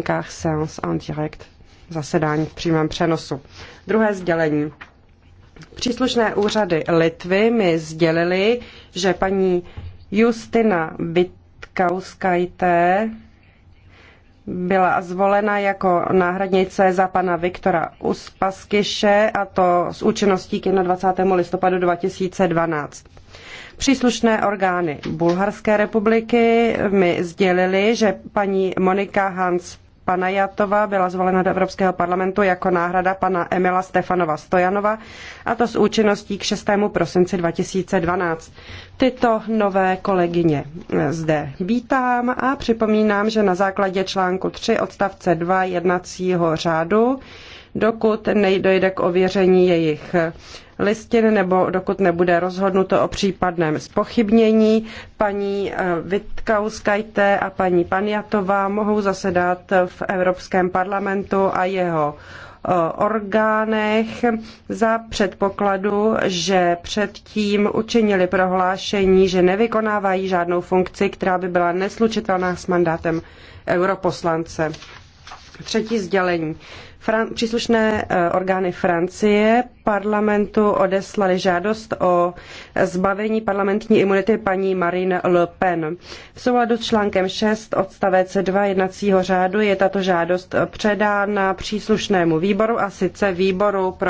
stránkách Seance en Direct zasedání v přímém přenosu. Druhé sdělení. Příslušné úřady Litvy mi sdělili, že paní Justina Bitkauskajté byla zvolena jako náhradnice za pana Viktora Uspaskyše a to s účinností k 21. listopadu 2012. Příslušné orgány Bulharské republiky mi sdělili, že paní Monika Hans Panajatová byla zvolena do Evropského parlamentu jako náhrada pana Emila Stefanova Stojanova a to s účinností k 6. prosinci 2012. Tyto nové kolegyně eh, zde vítám a připomínám, že na základě článku 3 odstavce 2 jednacího řádu dokud nejdojde k ověření jejich listin nebo dokud nebude rozhodnuto o případném spochybnění. Paní Vitkauskajte eh, a paní Panjatová mohou zasedat v Evropském parlamentu a jeho eh, orgánech za předpokladu, že předtím učinili prohlášení, že nevykonávají žádnou funkci, která by byla neslučitelná s mandátem europoslance. Třetí sdělení. Fran- příslušné eh, orgány Francie parlamentu odeslali žádost o zbavení parlamentní imunity paní Marine Le Pen. V souladu s článkem 6 odstavec 2 jednacího řádu je tato žádost předána příslušnému výboru a sice výboru pro